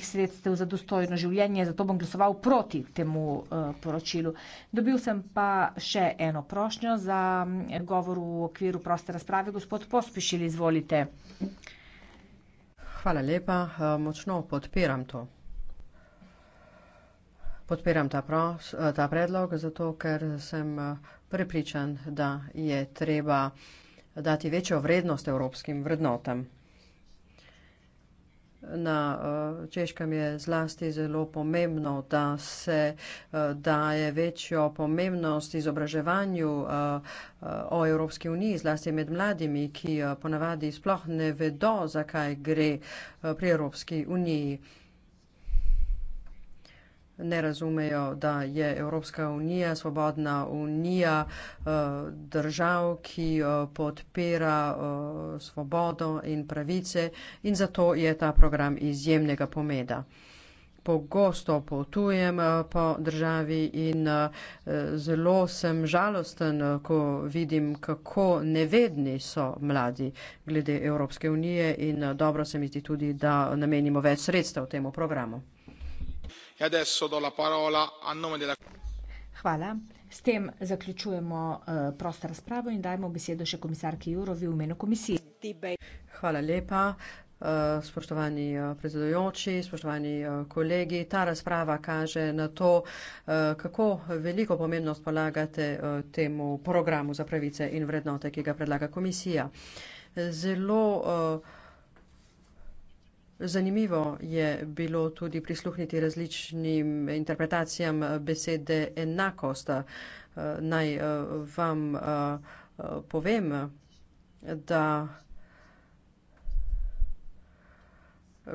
sredstev za dostojno življenje, zato bom glasoval proti temu uh, poročilu. Dobil sem pa še eno prošnjo za mm, govor v okviru proste razprave. Gospod Pospišil, izvolite. Hvala lepa, eh, močno podpiram to. Podpiram ta, pros, eh, ta predlog, zato ker sem prepričan, da je treba dati večjo vrednost evropskim vrednotam. Na uh, češkem je zlasti zelo pomembno, da se uh, daje večjo pomembnost izobraževanju uh, uh, o Evropski uniji, zlasti med mladimi, ki uh, ponavadi sploh ne vedo, zakaj gre uh, pri Evropski uniji. Uh, ne razumejo, da je Evropska unija svobodna unija eh, držav, ki eh, podpira eh, svobodo in pravice in zato je ta program izjemnega pomeda. Pogosto potujem po državi in zelo sem žalosten, ko vidim, kako nevedni so mladi glede Evropske unije in dobro se mi zdi tudi, da namenimo več sredstev temu programu. E Hvala. S tem zaključujemo, eh, prosto razpravo in dajemo besedo še komisarki Jourovi v imenu komisije. Hvala lepa, eh, spoštovani, eh, predsedujoči, spoštovani, kolegi. Ta razprava kaže na to, kako veliko pomembnost polagate, temu programu za pravice in vrednote, ki ga predlaga komisija. Zelo, Zanimivo je bilo tudi prisluhniti različnim interpretacijam besede enakost. Eh, naj eh, vam eh, povem, da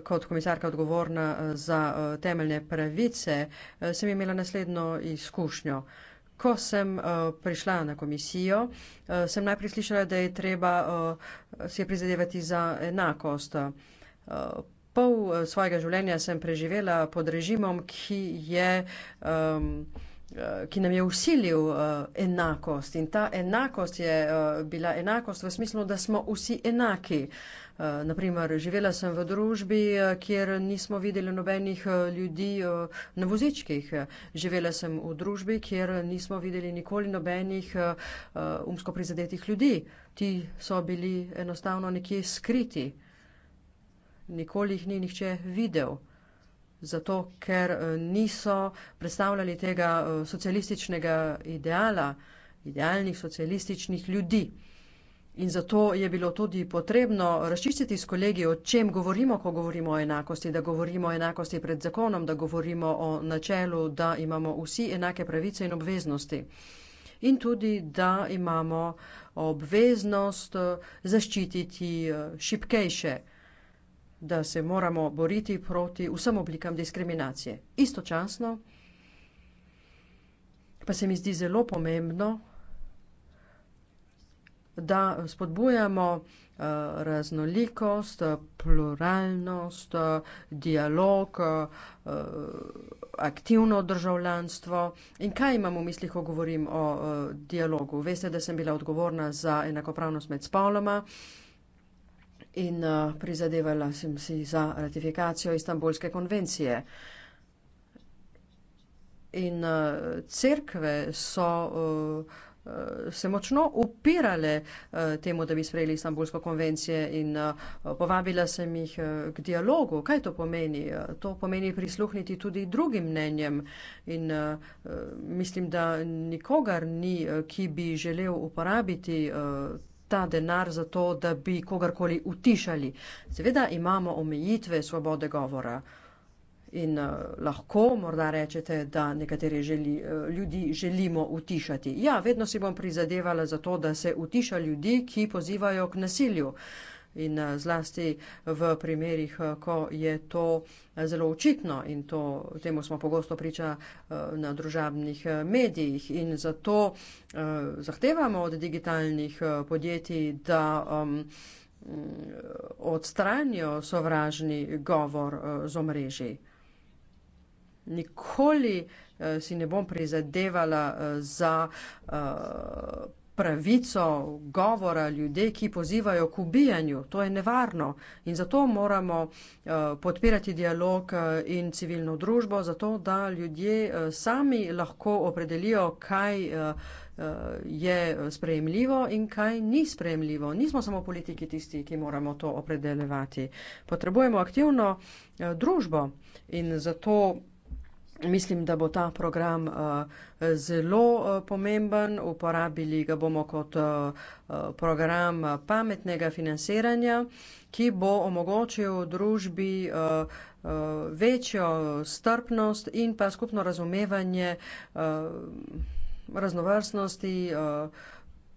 kot komisarka odgovorna za temeljne pravice sem imela naslednjo izkušnjo. Ko sem prišla na komisijo, sem najprej slišala, da je treba se prizadevati za enakost pol eh, svojega življenja sem preživela pod režimom, ki je. Um, Ki nam je usilil uh, enakost in ta enakost je uh, bila enakost v smislu, da smo vsi enaki. Uh, naprimer, živela sem v družbi, uh, kjer nismo videli nobenih uh, ljudi uh, na vozičkih. Živela sem v družbi, kjer nismo videli nikoli nobenih uh, umsko prizadetih ljudi. Ti so bili enostavno nekje skriti. Uh, nikoli jih ni nihče videl. Zato, ker eh, niso predstavljali tega eh, socialističnega ideala, idealnih socialističnih ljudi. In zato je bilo tudi potrebno razčistiti s kolegi, o čem govorimo, ko govorimo o enakosti, da govorimo o enakosti pred zakonom, da govorimo o načelu, da imamo vsi enake pravice in obveznosti. In tudi, da imamo obveznost eh, zaščititi šipkejše da se moramo boriti proti vsem oblikam diskriminacije. Istočasno pa se mi zdi zelo pomembno, da spodbujamo eh, raznolikost, pluralnost, dialog, eh, aktivno državljanstvo. In kaj imam v mislih, ko govorim o eh, dialogu? Veste, da sem bila odgovorna za enakopravnost med spoloma in eh, prizadevala sem si za ratifikacijo Istanbulske konvencije. In eh, crkve so eh, se močno upirale temu, da bi sprejeli Istanbulsko konvencijo in povabila sem jih k dialogu. Kaj to pomeni? To pomeni prisluhniti tudi drugim mnenjem in mislim, da nikogar ni, ki bi želel uporabiti ta denar za to, da bi kogarkoli utišali. Seveda imamo omejitve svobode govora in uh, lahko morda rečete, da nekatere želi, uh, ljudi želimo utišati. Ja, vedno si bom prizadevala za to, da se utiša ljudi, ki pozivajo k nasilju. Uh, in eh, zlasti v primerih, eh, ko je to eh, zelo očitno in to, temu smo pogosto priča na družabnih medijih in zato zahtevamo od digitalnih podjetij, da um, mm, odstranijo sovražni govor z omrežij. Nikoli si ne bom prizadevala za pravico govora ljudi, ki pozivajo k ubijanju. To je nevarno in zato moramo eh, podpirati dialog eh, in civilno družbo, zato da ljudje eh, sami lahko opredelijo, kaj je sprejemljivo in kaj ni sprejemljivo. Nismo samo politiki tisti, ki moramo to opredeljevati. Potrebujemo aktivno družbo in zato Mislim, da bo ta program eh, zelo eh, pomemben. Uporabili ga bomo kot eh, program pametnega financiranja, ki bo omogočil družbi večjo strpnost in pa skupno razumevanje raznovrstnosti,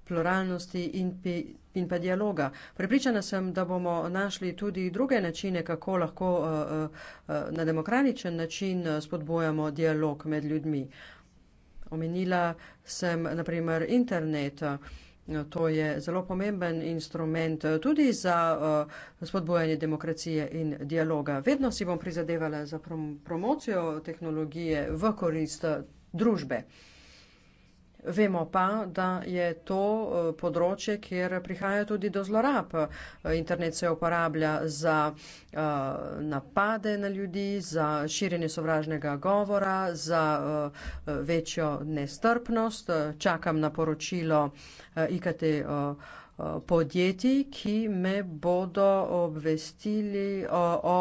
pluralnosti in pi in pa dialoga. Prepričana sem, da bomo našli tudi druge načine, kako lahko eh, eh, na demokratičen način eh, spodbojamo dialog med ljudmi. Omenila sem naprimer internet. To je zelo pomemben instrument tudi za spodbojanje demokracije in dialoga. Vedno si bom prizadevala za promocijo tehnologije v korist družbe. Vemo pa, da je to eh, področje, kjer prihaja tudi do zlorab. Eh, internet se uporablja za eh, napade na ljudi, za širjenje sovražnega govora, za večjo nestrpnost. Čakam na poročilo IKT podjetij, ki me bodo obvestili o, o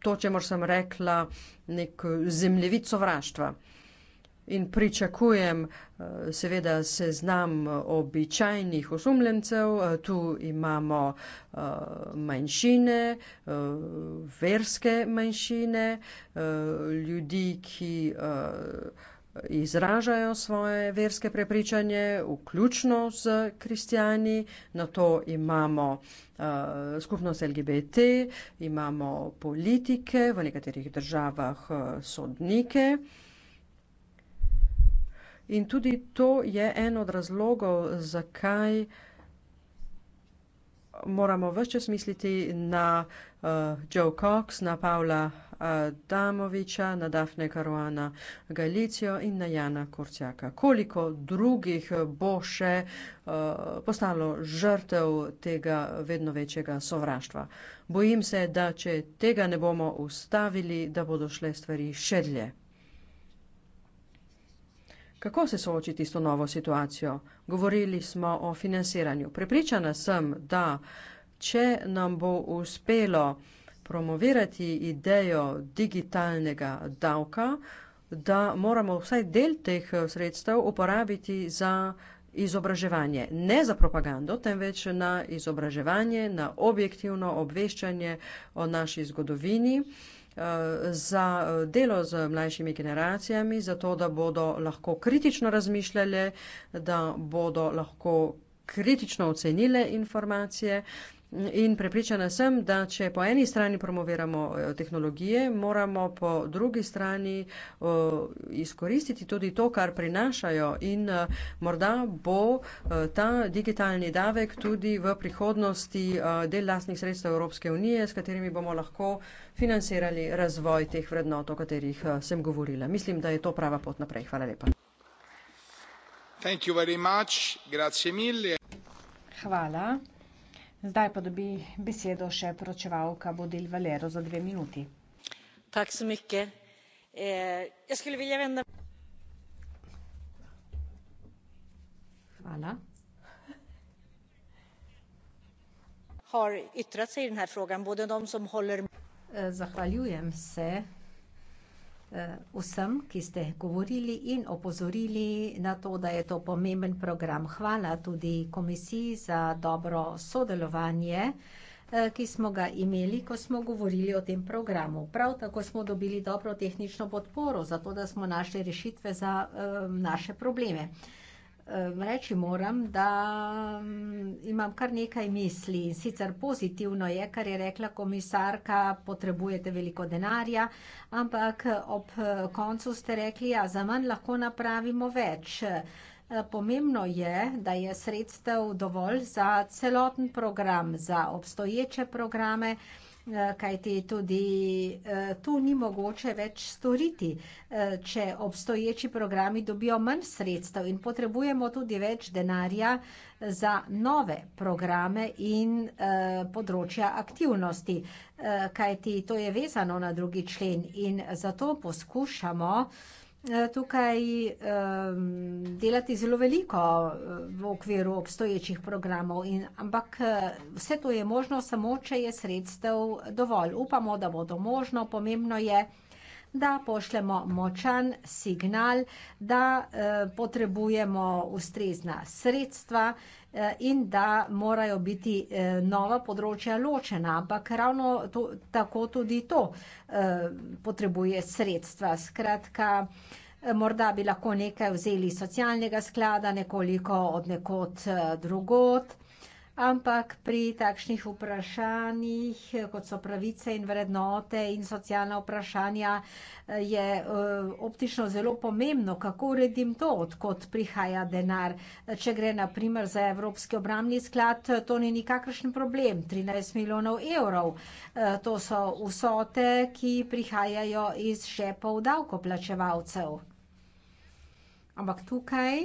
to, če moram rekla, nek zemljevid sovraštva. In pričakujem eh, seveda seznam eh, običajnih osumljencev. Eh, tu imamo manjšine, verske manjšine, ljudi, ki izražajo svoje verske prepričanje, vključno z kristijani. Na to imamo skupnost LGBT, imamo politike, v nekaterih državah sodnike. In tudi to je en od razlogov, zakaj moramo vse čas misliti na uh, Joe Cox, na Pavla eh, Damoviča, na Dafne Karuana Galicijo in na Jana Kurcijaka. Koliko drugih bo še uh, postalo žrtev tega vedno večjega sovraštva? Bojim se, da če tega ne bomo ustavili, da bodo šle stvari še dlje kako se soočiti s to novo situacijo. Govorili smo o financiranju. Prepričana sem, da če nam bo uspelo promovirati idejo digitalnega davka, da moramo vsaj del teh eh, sredstev uporabiti za izobraževanje. Ne za propagando, temveč na izobraževanje, na objektivno obveščanje o naši zgodovini. Eh, za eh, delo z mlajšimi generacijami, zato da bodo lahko kritično razmišljali, da bodo lahko kritično ocenile informacije, In prepričana sem, da če po eni strani promoviramo eh, tehnologije, moramo po drugi strani eh, izkoristiti tudi to, kar prinašajo in eh, morda bo ta digitalni davek tudi v prihodnosti del lastnih sredstev Evropske unije, s katerimi bomo lahko financirali razvoj teh vrednot, o katerih sem govorila. Mislim, da je to prava pot naprej. Hvala lepa. Hvala. Zdaj pa dobi besedo še poročevalka Bodil Valero za dve minuti. Tack så mycket. Eh, jag skulle vilja vända... Hvala. har yttrat sig i den här frågan, både de som håller... Eh, zahvaljujem se. Eh, vsem, ki ste govorili in opozorili na to, da je to pomemben program. Hvala tudi komisiji za dobro sodelovanje, eh, ki smo ga imeli, ko smo govorili o tem programu. Prav tako smo dobili dobro tehnično podporo, zato da smo našli rešitve za eh, naše probleme. Reči moram, da imam kar nekaj misli in sicer pozitivno je, kar je rekla komisarka, potrebujete veliko denarja, ampak ob eh, koncu ste rekli, ja, za manj lahko napravimo več. Pomembno je, da je sredstev dovolj za celoten program, za obstoječe programe, Eh, kajti tudi eh, tu ni mogoče več storiti, eh, če obstoječi programi dobijo manj sredstev in potrebujemo tudi več denarja za nove programe in področja aktivnosti, kajti to je vezano na drugi člen in zato poskušamo Eh, tukaj ehm, delati zelo veliko eh, v okviru obstoječih programov, in, ampak eh, vse to je možno samo, če je sredstev dovolj. Upamo, da bo to možno, pomembno je, da pošljemo močan signal, da potrebujemo ustrezna sredstva Eh, in da morajo biti eh, nova področja ločena, ampak ravno to, tako tudi to eh, potrebuje sredstva. Skratka, morda bi lahko nekaj vzeli iz socialnega sklada, nekoliko od nekod drugod ampak pri takšnih vprašanjih, kot so pravice in vrednote in socialna vprašanja, je eh, optično zelo pomembno, kako uredim to, odkot prihaja denar. Če gre naprimer za Evropski obramni sklad, to ni nikakršen problem. 13 milijonov evrov, eh, to so vsote, ki prihajajo iz šepov davkoplačevalcev. Ampak tukaj.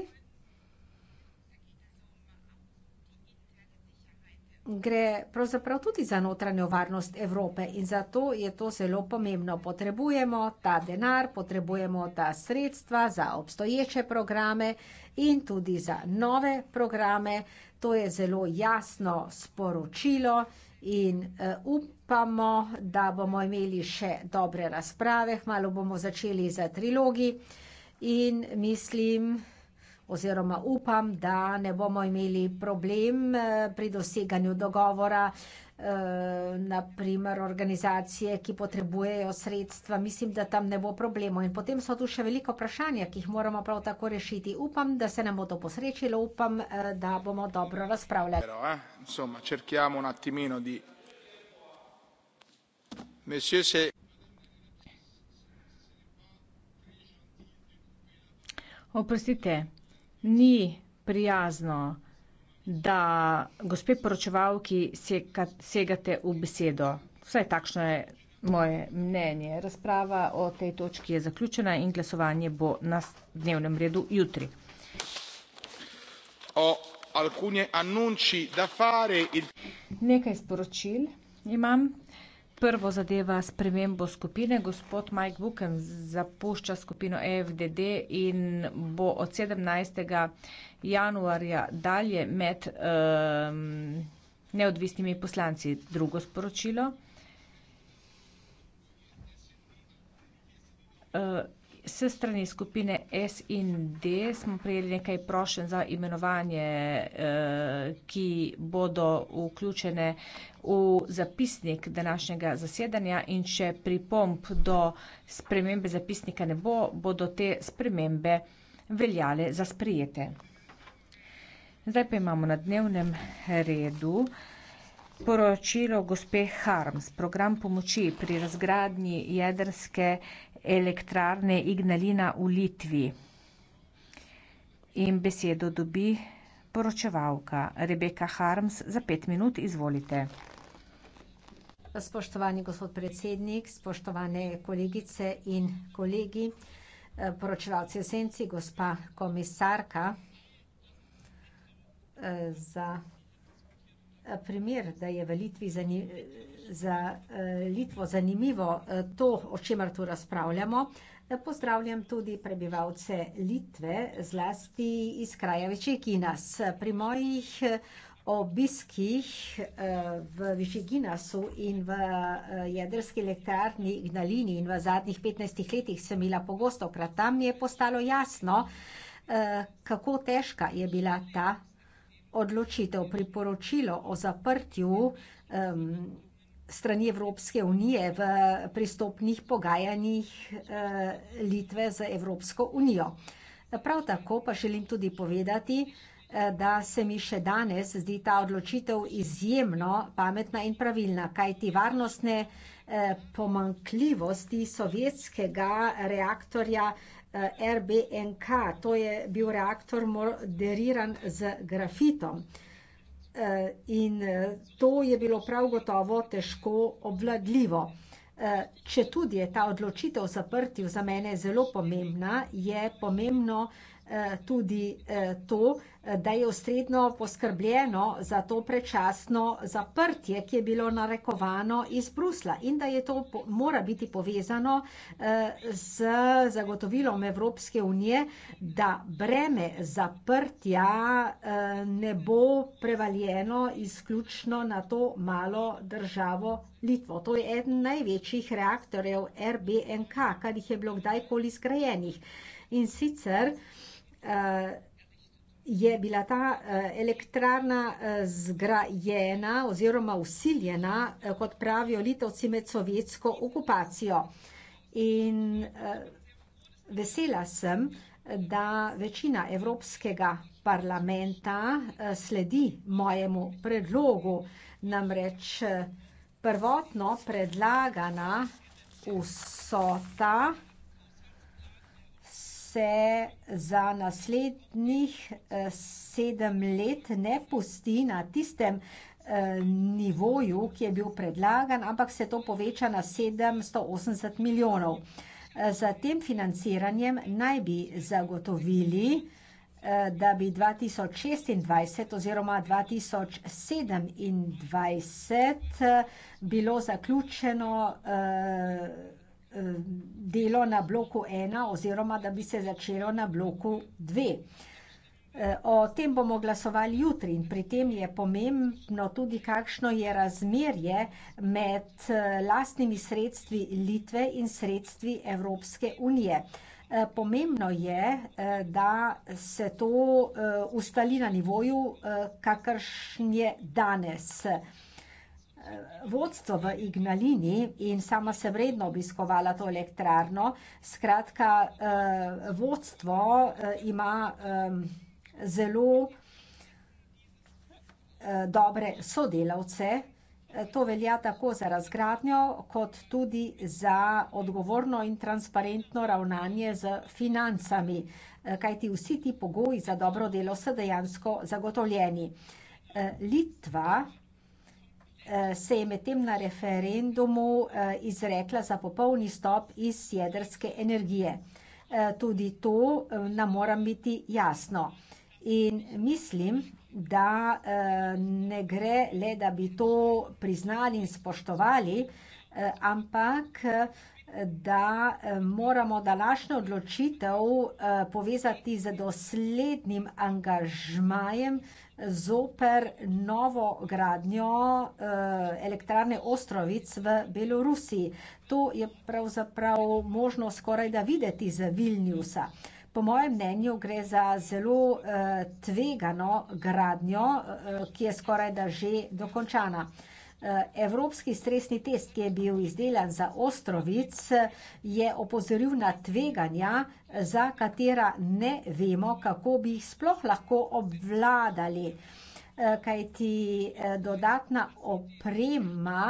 gre pravzaprav tudi za notranjo varnost Evrope in zato je to zelo pomembno. Potrebujemo ta denar, potrebujemo ta sredstva za obstoječe programe in tudi za nove programe. To je zelo jasno sporočilo in eh, upamo, da bomo imeli še dobre razprave. Hmalo bomo začeli za trilogi in mislim, oziroma upam, da ne bomo imeli problem eh, pri doseganju dogovora, eh, naprimer organizacije, ki potrebujejo sredstva, mislim, da tam ne bo problemov. In potem so tu še veliko vprašanja, ki jih moramo prav tako rešiti. Upam, da se nam bo to posrečilo, upam, eh, da bomo dobro razpravljali. Pero, eh? Insomma, cerchiamo un attimino di... Monsieur, se... Oprostite, ni prijazno, da gospe poročevalki seka, segate v besedo. Vsaj takšno je moje mnenje. Razprava o tej točki je zaključena in glasovanje bo na dnevnem redu jutri. Nekaj sporočil imam. Prvo zadeva spremembo skupine. Gospod Mike Buken zapušča skupino EFDD in bo od 17. januarja dalje med um, neodvisnimi poslanci. Drugo sporočilo. Uh, se strani skupine S in D smo prijeli nekaj prošen za imenovanje, uh, ki bodo vključene uh, v zapisnik današnjega zasedanja in če pripomp do spremembe zapisnika ne bo, bodo te spremembe veljale za sprijete. Zdaj pa imamo na dnevnem redu poročilo gospe Harms, program pomoči pri razgradnji jedrske elektrarne Ignalina v Litvi. In besedo dobi poročevalka Rebeka Harms za pet minut, izvolite. Spoštovani gospod predsednik, spoštovane kolegice in kolegi, poročevalci v senci, gospa komisarka za Eh, primer, da je v Litvi zani, za eh, Litvo zanimivo eh, to, o čemer tu razpravljamo. Pozdravljam tudi prebivalce Litve, zlasti iz kraja Večekinas. Pri mojih obiskih v Višeginasu in v jedrski elektrarni Gnalini in v zadnjih 15 letih sem bila pogosto krat tam, je postalo jasno, kako težka je bila ta odločitev, priporočilo o zaprtju um, strani Evropske unije v pristopnih pogajanjih e, Litve za Evropsko unijo. Prav tako pa želim tudi povedati, e, da se mi še danes zdi ta odločitev izjemno pametna in pravilna, kajti varnostne e, eh, pomankljivosti sovjetskega reaktorja Eh, RBNK, to je bil reaktor moderiran z grafitom. Eh, in eh, to je bilo prav gotovo težko obvladljivo. Eh, četudi je ta odločitev o zaprtju za mene zelo pomembna, je pomembno eh, tudi eh, to, da je ustrezno poskrbljeno za to predčasno zaprtje, ki je bilo narekovano iz Bruslja, in da je to mora biti povezano z zagotovilom Evropske unije, da breme zaprtja ne bo prevaljeno izključno na to malo državo Litvo. To je eden največjih reaktorjev RBNK, kar jih je bilo kdajkoli zgrajenih. In sicer uh, je bila ta uh, elektrarna uh, zgrajena oziroma usiljena, uh, kot pravijo litovci, med sovjetsko okupacijo. In uh, vesela sem, da večina Evropskega parlamenta uh, sledi mojemu predlogu, namreč uh, prvotno predlagana vsota se za naslednjih, eh, sedem let ne pusti na tistem, eh, nivoju, ki je bil predlagan, ampak se to poveča na sedemsto osemdeset milijonov. s eh, tem financiranjem naj bi zagotovili, Eh, da bi 2026 oziroma 2027 eh, bilo zaključeno eh, delo na bloku 1 oziroma da bi se začelo na bloku 2. O tem bomo glasovali jutri in pri tem je pomembno tudi, kakšno je razmerje med lastnimi sredstvi Litve in sredstvi Evropske unije. Eh, pomembno je, eh, da se to eh, ustali na nivoju, kakršen je danes. Vodstvo v Ignalini in sama sem redno obiskovala to elektrarno, skratka, vodstvo ima zelo dobre sodelavce, Eh, to velja tako za razgradnjo kot tudi za odgovorno in transparentno ravnanje z financami, eh, kajti vsi ti pogoji za dobro delo so dejansko zagotovljeni. Eh, Litva se je medtem na referendumu izrekla za popolni stop iz jedrske energije. Tudi to nam mora biti jasno. In mislim, da eh, ne gre le, da bi to priznali in spoštovali, eh, ampak eh, da moramo današnjo odločitev povezati z doslednim angažmajem zoper novo gradnjo elektrarne Ostrovic v Belorusiji. To je pravzaprav možno skoraj da videti z Vilniusa po mojem mnenju gre za zelo, eh, tvegano gradnjo, eh, ki je skorajda že dokončana. Eh, evropski stresni test, ki je bil izdelan za Ostrovic, je opozoril na tveganja, za katera ne vemo, kako bi jih sploh lahko obvladali. kajti, dodatna oprema,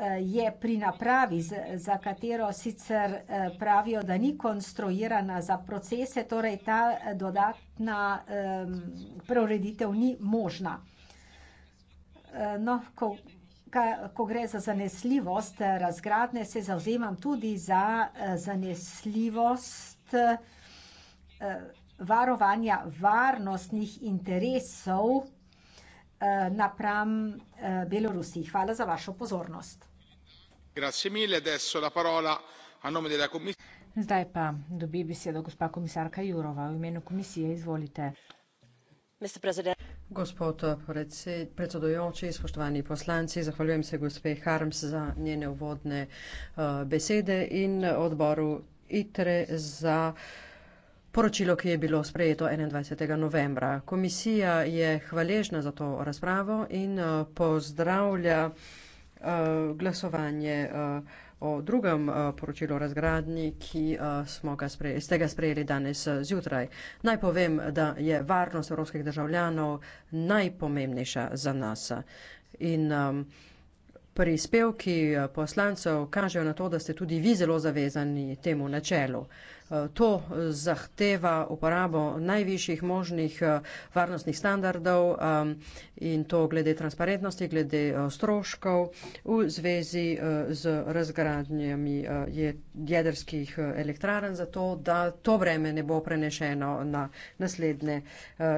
Eh, je pri napravi, za katero sicer eh, pravijo, da ni konstruirana za procese, torej ta eh, dodatna preureditev ni možna. No, ko ko gre za zanesljivost razgradnje, se zavzemam tudi za zanesljivost varovanja varnostnih interesov Eh, napram eh, Belorusiji. Hvala za vašo pozornost. Zdaj pa dobi besedo gospa komisarka Jurova v imenu komisije. Izvolite. Gospod predsedujoči, spoštovani poslanci, zahvaljujem se gospe Harms za njene uvodne uh, besede in odboru ITRE za uh, Poročilo, ki je bilo sprejeto 21. novembra. Komisija je hvaležna za to razpravo in eh, pozdravlja eh, glasovanje eh, o drugem poročilu o razgradnji, ki smo ga sprejeli, ste ga sprejeli danes zjutraj. Naj povem, da je varnost evropskih državljanov najpomembnejša za nas. In prispevki poslancev kažejo na to, da ste tudi vi zelo zavezani temu načelu. To zahteva uporabo najvišjih možnih eh, varnostnih standardov um, in to glede transparentnosti, glede eh, stroškov v zvezi eh, z razgradnjami jedrskih elektraren, zato da to vreme ne bo prenešeno na naslednje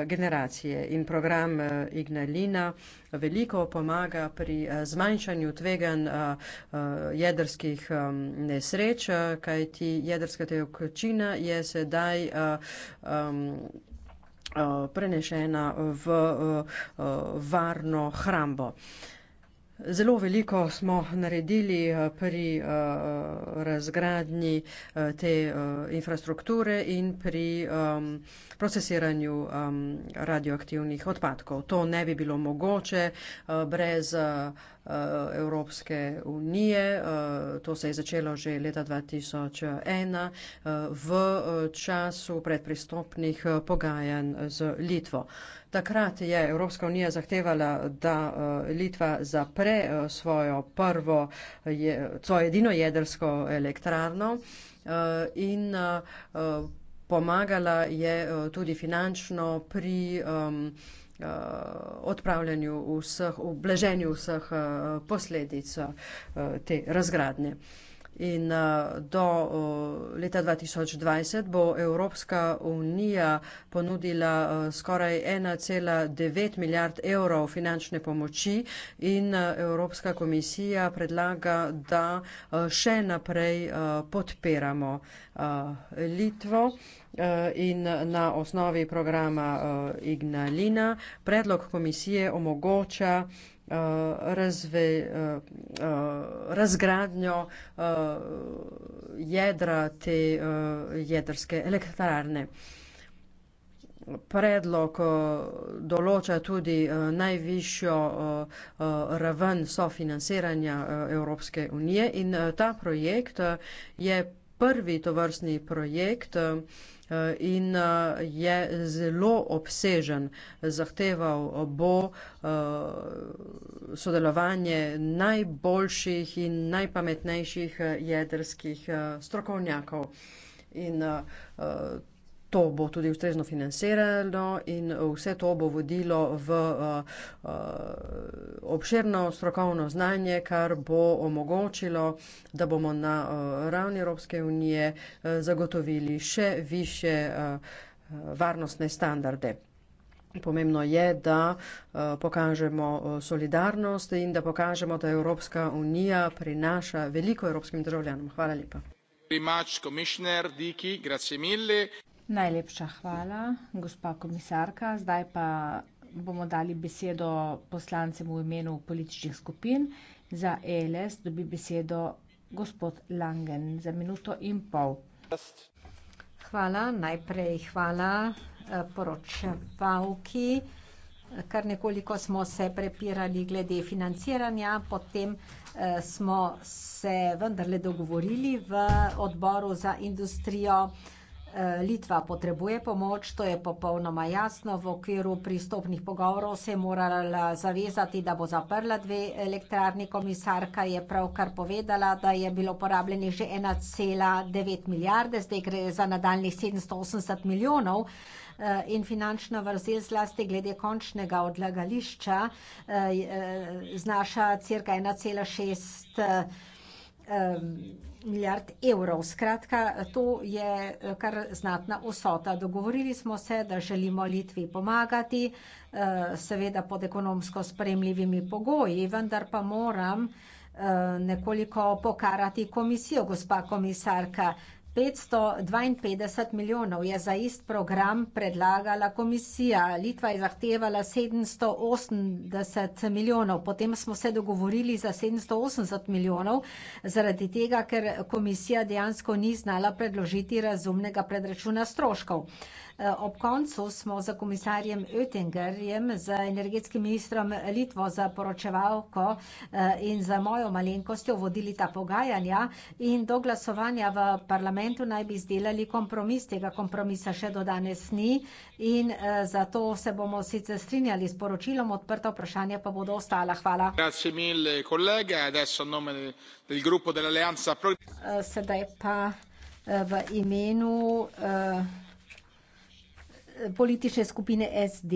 generacije. In program Ignalina veliko pomaga pri zmanjšanju tvegan jedrskih nesreč, kajti jedrska teokočina večina je sedaj uh, um, uh, prenešena v uh, uh, varno hrambo. Uh, Zelo veliko smo naredili eh, pri eh, eh, razgradnji te infrastrukture in pri ehm, procesiranju ehm, radioaktivnih odpadkov. To ne bi bilo mogoče brez Evropske unije. To se je začelo že leta 2001 v času predpristopnih pogajanj z Litvo. Takrat je Evropska unija zahtevala, da eh, Litva zapre eh, svojo prvo, svojo edino jedrsko elektrarno eh, in pomagala je tudi finančno pri odpravljanju vseh, obleženju vseh posledic te razgradnje. In eh, do eh, leta 2020 bo Evropska unija ponudila eh, skoraj 1,9 milijard evrov finančne pomoči in Evropska komisija predlaga, da še naprej podpiramo Litvo in na osnovi programa Ignalina predlog komisije omogoča razve, Eh, razgradnjo eh, jedra te eh, jedrske elektrarne. Predlog določa tudi najvišjo raven sofinansiranja Evropske unije in ta projekt je prvi tovrstni projekt, in eh, je zelo obsežen. Zahteval bo eh, sodelovanje najboljših in najpametnejših eh, jedrskih strokovnjakov. In uh, To bo tudi ustrezno financirano in eh, vse to bo vodilo v uh, uh, obširno strokovno znanje, kar bo omogočilo, da bomo na uh, ravni Evropske unije uh, zagotovili še više uh, varnostne standarde. Pomembno je, da pokažemo solidarnost in da pokažemo, da Evropska unija prinaša veliko evropskim državljanom. Hvala lepa. Najlepša hvala, gospa komisarka. Zdaj pa bomo dali besedo poslancem v imenu političnih skupin. Za ELS dobi besedo gospod Langen za minuto in pol. Hvala, najprej hvala eh, poročevalki. Kar nekoliko smo se prepirali glede financiranja, potem eh, smo se vendarle dogovorili v odboru za industrijo. Eh, Litva potrebuje pomoč, to je popolnoma jasno, v okviru pristopnih pogovorov se je morala zavezati, da bo zaprla dve elektrarni, komisarka je pravkar povedala, da je bilo porabljenih že ena cela devet milijarde, zdaj gre za nadaljnjih sedemsto osemdeset milijonov, eh, in finančna vrzel zlasti glede končnega odlagališča, eh, znaša cirka ena cela šest, milijard evrov. Skratka, to je eh, kar znatna vsota. Dogovorili smo se, da želimo Litvi pomagati, eh, seveda pod ekonomsko spremljivimi pogoji, vendar pa moram eh, nekoliko pokarati komisijo, gospa komisarka. 552 milijonov je za ist program predlagala komisija. Litva je zahtevala 780 milijonov, potem smo se dogovorili za 780 milijonov, zaradi tega, ker komisija dejansko ni znala predložiti razumnega predračuna stroškov. Eh, ob koncu smo za komisarjem Oettingerjem, za energetskim ministrom Litvo, za poročevalko eh, in za mojo malenkostjo vodili ta pogajanja in do glasovanja v parlamentu naj bi izdelali kompromis. Tega kompromisa še do danes ni in eh, zato se bomo sicer strinjali s poročilom, odprta vprašanja pa bodo ostala. Hvala. Sedaj pa v imenu politične skupine SD,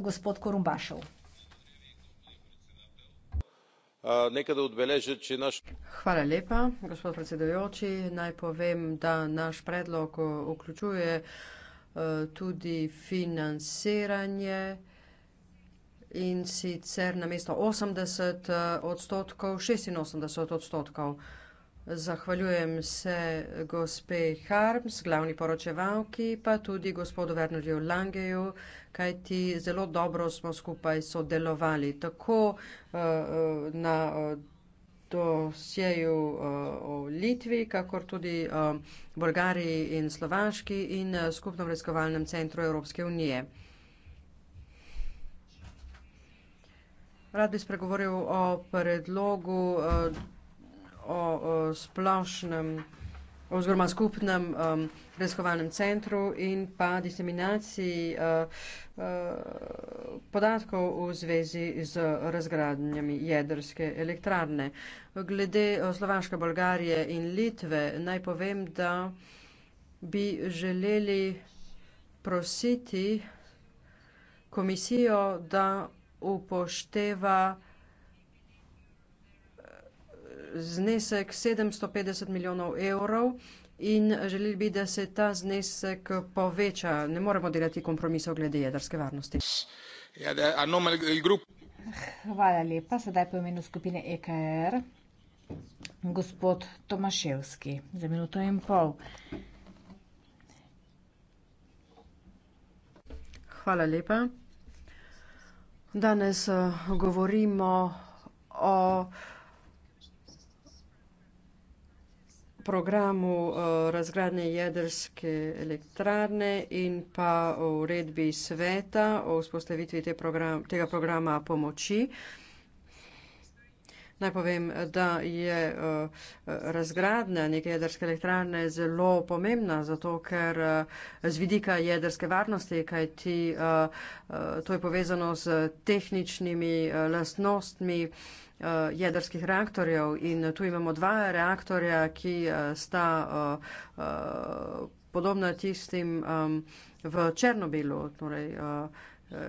gospod Korumbašov. Hvala lepa, gospod predsedujoči. Naj povem, da naš predlog vključuje e, tudi financiranje in sicer namesto 80 e, odstotkov, 86 odstotkov. Zahvaljujem se gospe Harms, glavni poročevalki, pa tudi gospodu Vernerju Langeju, kajti zelo dobro smo skupaj sodelovali tako eh, eh, na eh, dosjeju o Litvi, kakor tudi Bolgariji in Slovaški in skupnem reskovalnem centru Evropske unije. Rad bi spregovoril o predlogu o, o splošnem oziroma skupnem um, raziskovalnem centru in pa diseminaciji uh, uh, podatkov v zvezi z razgradnjami jedrske elektrarne. Glede uh, Slovaške, Bolgarije in Litve naj povem, da bi želeli prositi komisijo, da upošteva znesek 750 milijonov evrov in želeli bi, da se ta znesek poveča. Ne moremo delati kompromisov glede jedrske varnosti. Ja, no, Hvala lepa. Sedaj po imenu skupine EKR. Gospod Tomaševski, za minuto in pol. Hvala lepa. Danes eh, govorimo o uh, programu eh, razgradnje jedrske elektrarne in pa o uredbi sveta o vzpostavitvi te program, tega programa pomoči. Naj povem, da je uh, razgradnja neke jedrske elektrarne zelo pomembna, zato ker uh, z vidika jedrske varnosti, kaj ti uh, eh, uh, to je povezano z tehničnimi uh, lastnostmi uh, jedrskih reaktorjev in tu imamo dva reaktorja, ki uh, sta. Uh, uh, Podobno je tistim um, v Černobilu, torej uh, uh,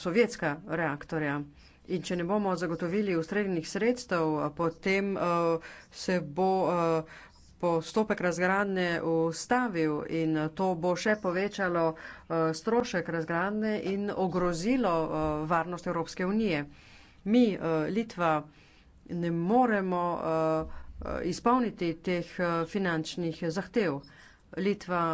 sovjetska reaktorja. In če ne bomo zagotovili ustrednjih sredstev, eh, potem eh, se bo eh, postopek razgradne ustavil in to bo še povečalo strošek razgradne in ogrozilo varnost Evropske unije. Mi, Litva, ne moremo izpolniti teh finančnih zahtev. Litva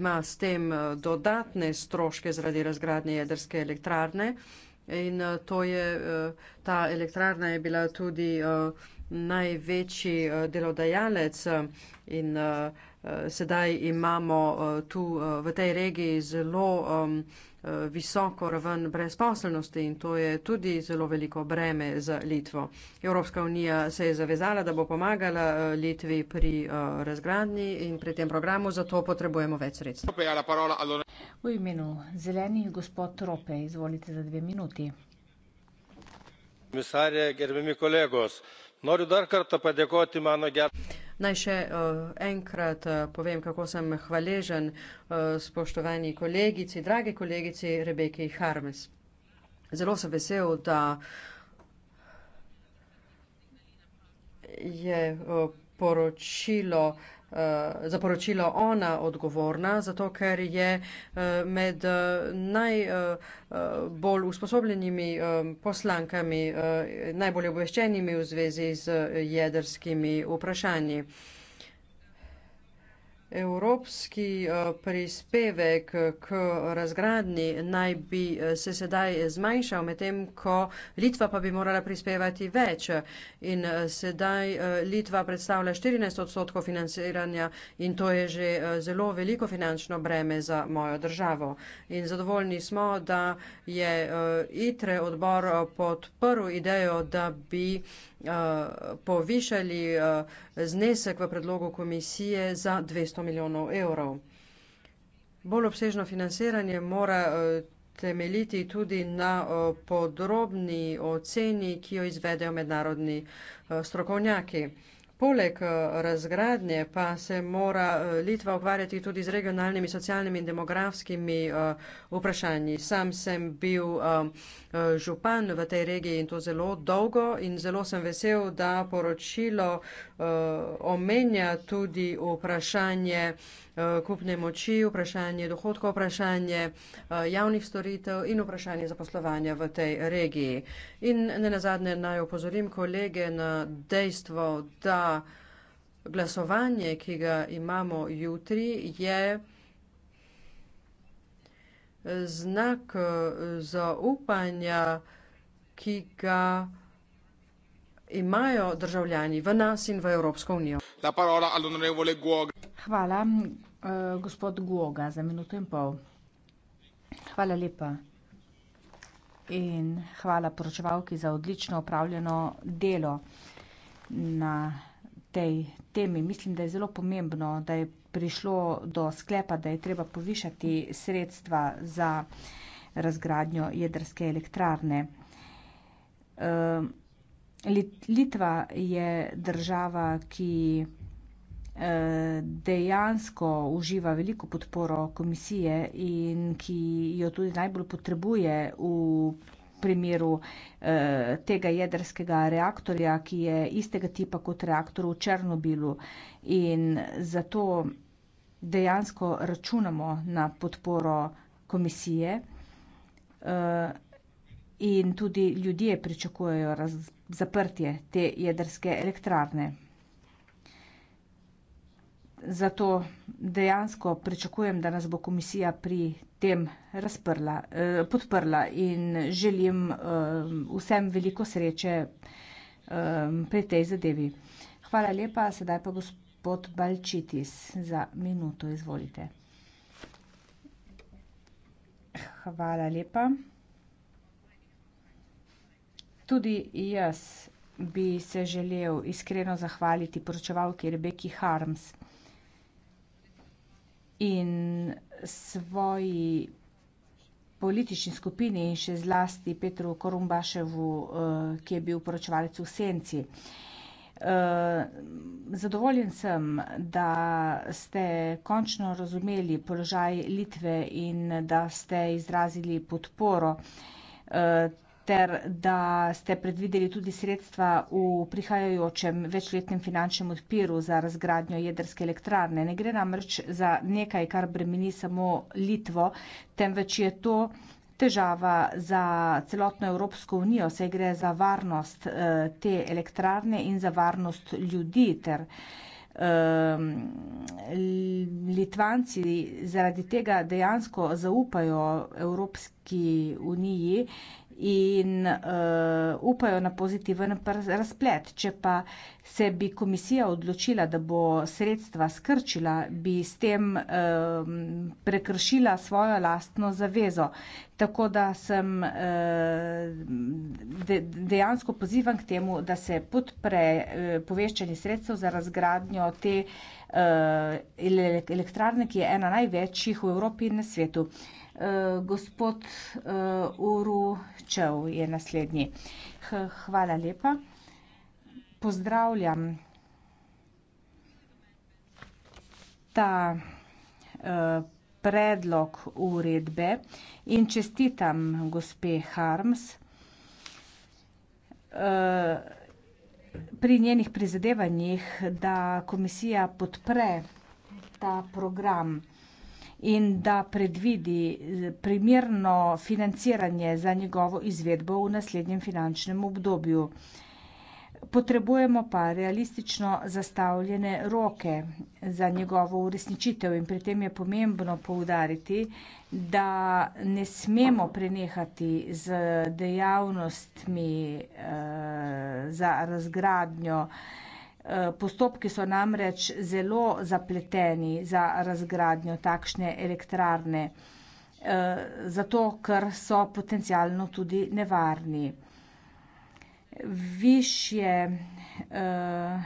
ima s tem dodatne stroške zaradi razgradnje jedrske elektrarne. In eh, to je, eh, ta elektrarna je bila tudi eh, največji delodajalec in sedaj imamo tu v tej regiji zelo Eh, visoko raven brezposelnosti in to je tudi zelo veliko breme za Litvo. Evropska unija se je zavezala, da bo pomagala eh, Litvi pri eh, razgradnji in pri tem programu, zato potrebujemo več sredstv. V imenu zeleni gospod Trope, izvolite za dve minuti. Komisarje, gerbimi kolegos, noriu dar kartą padėkoti mano gerbiamam. Naj še uh, enkrat uh, povem, kako sem hvaležen uh, spoštovani kolegici, dragi kolegici Rebeki Harmes. Zelo sem vesel, da je uh, poročilo uh, Eh, za poročilo ona odgovorna, zato ker je eh, med eh, najbolj usposobljenimi poslankami, najbolj obveščenimi v zvezi z jedrskimi vprašanji. Evropski eh, prispevek k razgradni naj bi eh, se sedaj zmanjšal, medtem ko Litva pa bi morala prispevati več. In eh, sedaj Litva predstavlja 14 odstotkov financiranja in to je že zelo veliko finančno breme za mojo državo. In zadovoljni smo, da je ITRE odbor podprl idejo, da bi povišali znesek v predlogu komisije za 200 200 milijonov evrov. Bolj obsežno financiranje mora eh, temeljiti tudi na eh, podrobni oceni, ki jo izvedejo mednarodni eh, strokovnjaki. Poleg eh, razgradnje pa se mora eh, Litva ukvarjati tudi z regionalnimi, socialnimi in demografskimi eh, vprašanji. Sam sem bil župan v tej regiji in to zelo dolgo in zelo sem vesel, da poročilo omenja tudi vprašanje Eh, kupne moči, vprašanje dohodkov, vprašanje eh, javnih storitev in vprašanje zaposlovanja v tej regiji. In ne nazadnje naj opozorim kolege na dejstvo, da glasovanje, ki ga imamo jutri, je znak eh, zaupanja, ki ga imajo državljani v nas in v Evropsko unijo. Hvala, eh, gospod Guoga, za minuto in pol. Hvala lepa. In hvala poročevalki za odlično upravljeno delo na tej temi. Mislim, da je zelo pomembno, da je prišlo do sklepa, da je treba povišati sredstva za razgradnjo jedrske elektrarne. Uh, Litva je država, ki eh, dejansko uživa veliko podporo komisije in ki jo tudi najbolj potrebuje v primeru eh, tega jedrskega reaktorja, ki je istega tipa kot reaktor v Černobilu. In zato dejansko računamo na podporo komisije eh, in tudi ljudje pričakujejo razpravo zaprtje te jedrske elektrarne. Zato dejansko pričakujem, da nas bo komisija pri tem razprla, eh, podprla in želim eh, vsem veliko sreče eh, pri tej zadevi. Hvala lepa, sedaj pa gospod Balčitis za minuto, izvolite. Hvala lepa. Tudi jaz bi se želel iskreno zahvaliti poročevalki Rebeki Harms in svoji politični skupini in še zlasti Petru Korumbaševu, eh, ki je bil poročevalec v Senci. Eh, zadovoljen sem, da ste končno razumeli položaj Litve in da ste izrazili podporo eh, ter da ste predvideli tudi sredstva v prihajajočem večletnem finančnem odpiru za razgradnjo jedrske elektrarne. Ne gre namreč za nekaj, kar bremeni samo Litvo, temveč je to težava za celotno Evropsko unijo, saj gre za varnost eh, te elektrarne in za varnost ljudi ter ehm, Litvanci zaradi tega dejansko zaupajo Evropski uniji in uh, upajo na pozitiven razplet. Če pa se bi komisija odločila, da bo sredstva skrčila, bi s tem um, prekršila svojo lastno zavezo. Tako da sem uh, de, dejansko pozivan k temu, da se podpre uh, poveščanje sredstev za razgradnjo te uh, elektrarne, ki je ena največjih v Evropi in na svetu. Uh, Eh, gospod eh, Uručev je naslednji. Hvala lepa. Pozdravljam ta eh, predlog uredbe in čestitam gospe Harms pri njenih prizadevanjih, da komisija podpre ta program in da predvidi eh, primerno financiranje za njegovo izvedbo v naslednjem finančnem obdobju. Potrebujemo pa realistično zastavljene roke za njegovo uresničitev in pri tem je pomembno poudariti, da ne smemo prenehati z dejavnostmi eh, za razgradnjo eh, Eh, postopki so namreč zelo zapleteni za razgradnjo takšne elektrarne, eh, zato ker so potencialno tudi nevarni. Višje eh,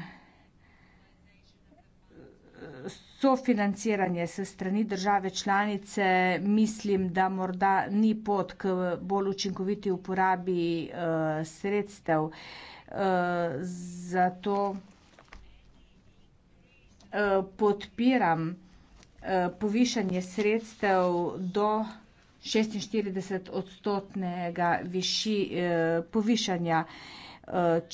sofinanciranje se strani države članice mislim, da morda ni pot k bolj učinkoviti uporabi sredstev. Zato Eh, podpiram eh, povišanje sredstev do 46 odstotnega viši, eh, povišanja.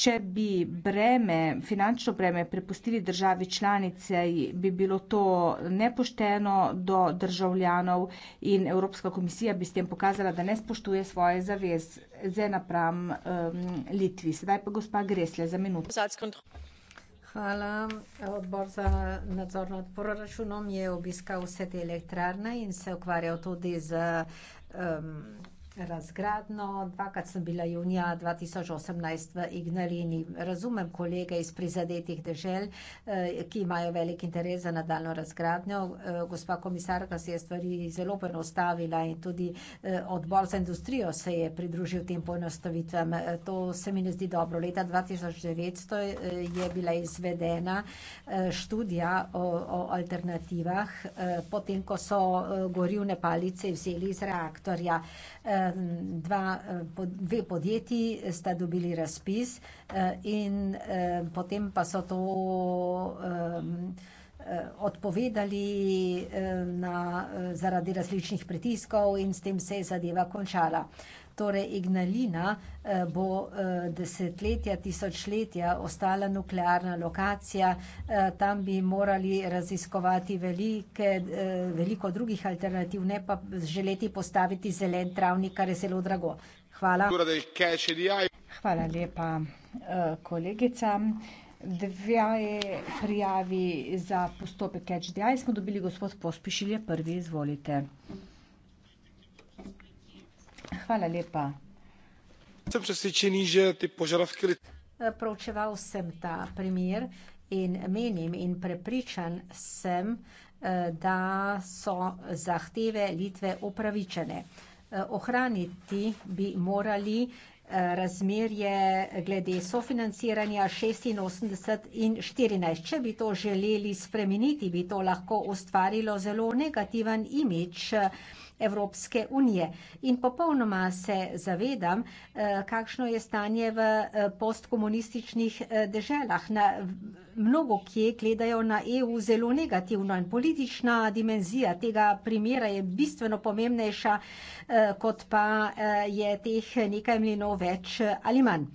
Če bi breme, finančno breme prepustili državi članice, bi bilo to nepošteno do državljanov in Evropska komisija bi s tem pokazala, da ne spoštuje svoje zavez z napram um, Litvi. Sedaj pa gospa Gresle za minuto. Hvala. Odbor za nadzorno proračunom je obiskal vse te elektrarne in se ukvarjal tudi z um, razgradno. Dvakrat sem bila junija 2018 v Ignalini. Razumem kolege iz prizadetih dežel, eh, ki imajo velik interes za nadaljno razgradnjo. Eh, gospa komisarka se je stvari zelo prenostavila in tudi eh, odbor za industrijo se je pridružil tem poenostavitvam. To se mi ne zdi dobro. Leta 2900 je bila izvedena študija o, o alternativah, potem ko so gorivne palice vzeli iz reaktorja. E, dva, dve podjetji sta dobili razpis eh, in eh, potem pa so to ehm, eh, odpovedali na, zaradi različnih pritiskov in s tem se je zadeva končala. Torej Ignalina eh, bo eh, desetletja, tisočletja ostala nuklearna lokacija, eh, tam bi morali raziskovati velike, veliko drugih alternativ, ne pa želeti postaviti zelen travnik, kar je zelo drago. Hvala. Hvala lepa, kolegica. Dve prijavi za postopek HDI smo dobili, gospod Pospišil je prvi, izvolite sem presečený, že ty požadavky... Eh, Proučoval jsem ta primír in menim in prepričan sem, eh, da so zahteve Litve upravičene. Eh, ohraniti bi morali razmerje glede sofinanciranja 86 in 14. Če bi to želeli spremeniti, bi to lahko ustvarilo zelo negativen imič Evropske unije. In popolnoma se zavedam, eh, kakšno je stanje v eh, postkomunističnih eh, deželah. Na mnogo kje gledajo na EU zelo negativno in politična dimenzija tega primera je bistveno pomembnejša, kot pa je teh nekaj mlinov več ali manj.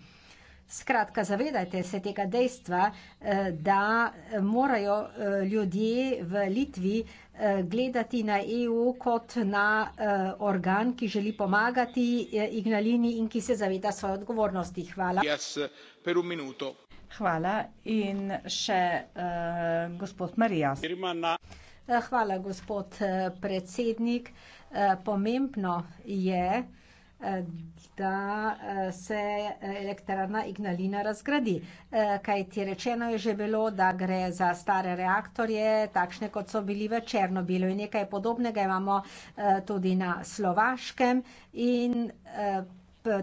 Skratka, zavedajte se tega dejstva, eh, da morajo eh, ljudje v Litvi eh, gledati na EU kot na organ, ki želi pomagati Ignalini in ki se zaveda svoje odgovornosti. Hvala. Yes, per un Hvala in še uh, gospod Marijas. Hvala, gospod predsednik. Pomembno je, da eh, se eh, elektrarna Ignalina razgradi. Eh, Kaj ti rečeno je že bilo, da gre za stare reaktorje, takšne kot so bili v Černobilu in nekaj podobnega imamo tudi na Slovaškem in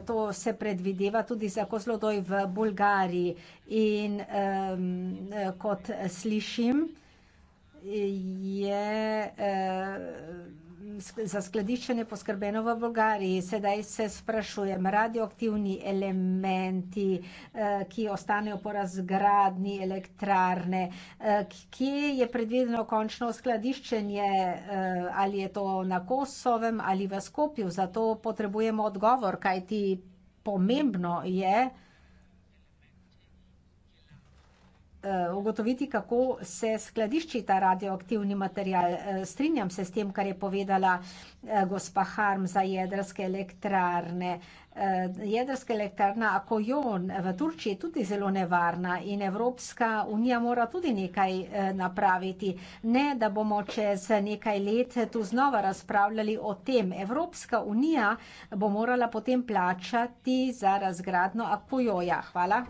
to se predvideva tudi za Kozlodoj v Bulgariji in kot slišim je vsega, za skladiščenje poskrbeno v Bolgariji. Sedaj se sprašujem, radioaktivni elementi, eh, ki ostanejo po razgradni elektrarne, eh, kje je predvideno končno skladiščenje, eh, ali je to na Kosovem ali v Skopju, zato potrebujemo odgovor, kajti pomembno je, Eh, ugotoviti, kako se skladišči ta radioaktivni material. Eh, strinjam se s tem, kar je povedala eh, gospa Harm za jedrske elektrarne. Jedrska elektrarna Akojon v Turčiji je tudi zelo nevarna in Evropska unija mora tudi nekaj napraviti. Ne, da bomo čez nekaj let tu znova razpravljali o tem. Evropska unija bo morala potem plačati za razgradno Akojoja. Hvala.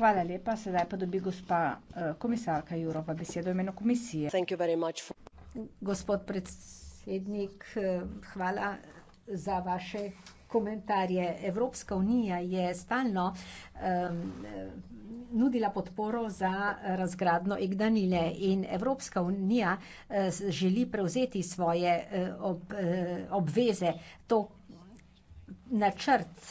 Hvala lepa, sedaj pa dobi gospa, eh, komisarka Jurova besedo v imenu komisije. Thank you very much for... Gospod predsednik, eh, hvala za vaše komentarje. Evropska unija je stalno, eh, nudila podporo za razgradnjo Ignalina in Evropska unija, želi prevzeti svoje, obveze. To načrt,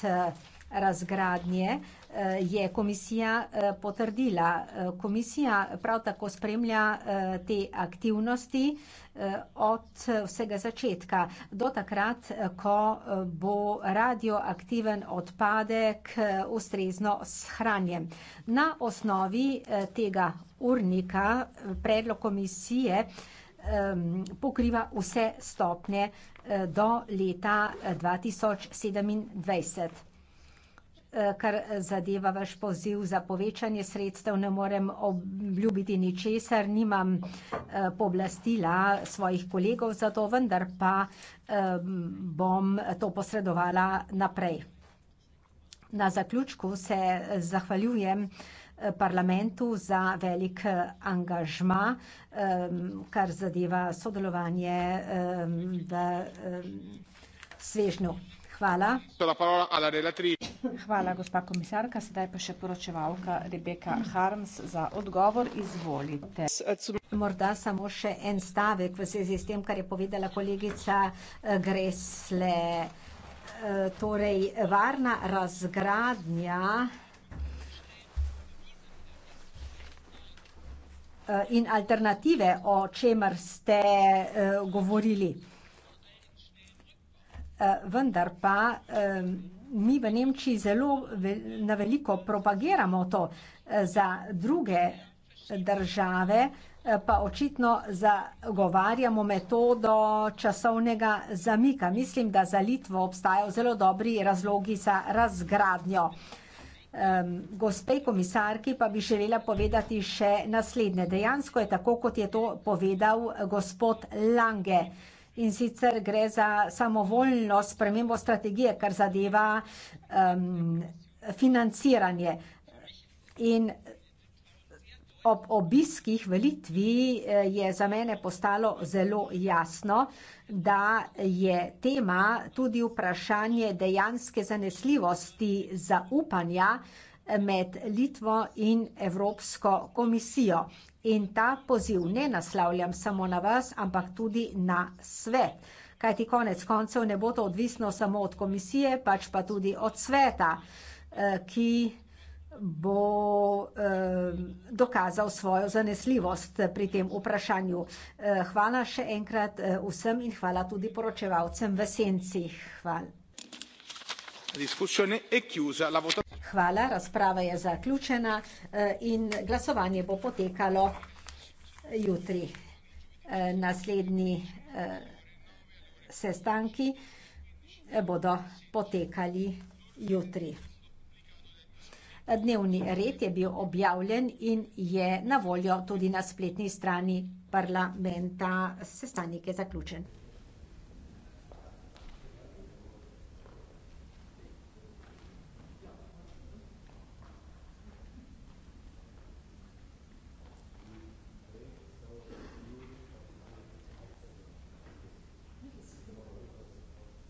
razgradnje, Eh, je komisija eh, potrdila. Eh, komisija prav tako spremlja te aktivnosti od vsega začetka. Do takrat, ko bo radioaktiven odpadek ustrezno shranjen. Na osnovi tega urnika predlog komisije pokriva vse stopnje do leta 2027. Eh, kar zadeva vaš poziv za povečanje sredstev, ne morem obljubiti ničesar, nimam eh, pooblastila svojih kolegov za to, vendar pa eh, bom to posredovala naprej. Na zaključku se zahvaljujem parlamentu za velik angažma, kar zadeva sodelovanje v svežnju. Hvala. Hvala, gospa komisarka. Sedaj pa še poročevalka Rebeka Harms za odgovor. Izvolite. Morda samo še en stavek v zvezi s tem, kar je povedala kolegica eh, Gresle. Eh, torej, varna razgradnja eh, in alternative, o čemer ste govorili. Vendar pa mi v Nemčiji zelo na veliko propagiramo to eh, za druge države, eh, pa očitno zagovarjamo metodo časovnega zamika. Mislim, da za Litvo obstajajo zelo dobri razlogi za razgradnjo. Gospe komisarki pa bi želela povedati še naslednje. Dejansko je tako, kot je to povedal eh, gospod Lange in sicer gre za samovoljno spremembo strategije, kar zadeva, financiranje. In ob obiskih v Litvi, eh, je za mene postalo zelo jasno, da je tema tudi vprašanje dejanske zanesljivosti zaupanja eh, med Litvo in Evropsko komisijo. In ta poziv ne naslavljam samo na vas, ampak tudi na svet. Kaj ti konec koncev ne bo to odvisno samo od komisije, pač pa tudi od sveta, eh, ki bo eh, dokazal svojo zanesljivost pri tem vprašanju. Eh, hvala še enkrat vsem in hvala tudi poročevalcem v Sencih. Hvala. Hvala, razprava je zaključena eh, in glasovanje bo potekalo eh, jutri. Eh, naslednji sestanki bodo potekali jutri. Dnevni red je bil objavljen in je na voljo tudi na spletni strani parlamenta. Sestanek je zaključen.